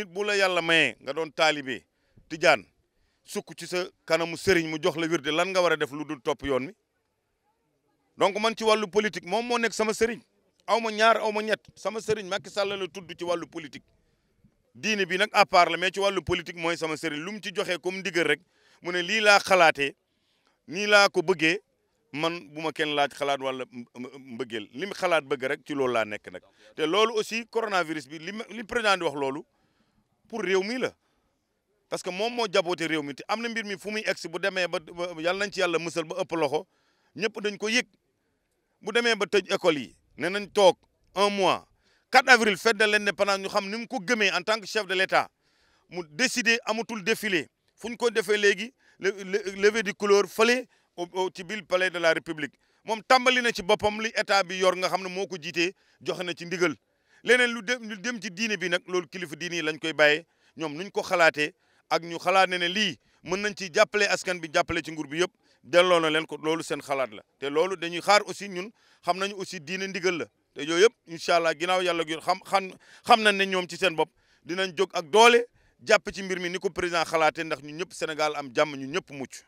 nit bu la yàlla mayee nga doon taalibe tijaan sukk ci sa kanamu sëriñ mu jox la wirde lan nga war a def lu dul topp yoon mi donc man ci wàllu politique moom moo nekk sama sëriñ aw ma ñaar aw ma ñet sama sëriñ Macky Sall la tudd ci wàllu politique diine bi nag à la mais ci wàllu politique mooy sama sëriñ lu mu ci joxee comme ndigal rek mu ne lii laa xalaatee ni laa ko bëggee man bu ma kenn laaj xalaat wala mbëggeel li mu xalaat bëgg rek ci loolu laa nekk nag te loolu loolu pour réew la parce que moom moo jaboote réew mi te mbir mi fumi muy bu demee ba yalla nañ yalla mussel ba upp loxo ñëpp dañ ko yëg bu demee ba tëj école yi nañ tok 1 mois 4 avril fête de l'indépendance ñu xam nim ko gëmee en tant que chef de l'État mu décidé amatul défilé fuñ ko défé légui levée du couleur fële ci Tibil palais de la République mom tàmbali na ci bopam li état bi yor nga xamne moko jité ko na ci ndigal leneen lu dem lu dem ci diine bi nag loolu kilifa diine yi lañ koy bàyyee ñoom nuñ ko xalaatee ak ñu xalaat ne ne lii mën nañ ci jàppale askan bi jàppale ci nguur bi yëpp delloo na leen ko loolu seen xalaat la te loolu dañu xaar aussi ñun xam nañu aussi diine ndigal la te yooyu yëpp incha allah ginnaaw yàlla gi xam xam xam nañ ne ñoom ci seen bopp dinañ jóg ak doole jàpp ci mbir mi ni ko président xalaatee ndax ñu ñëpp Sénégal am jàmm ñu ñëpp mucc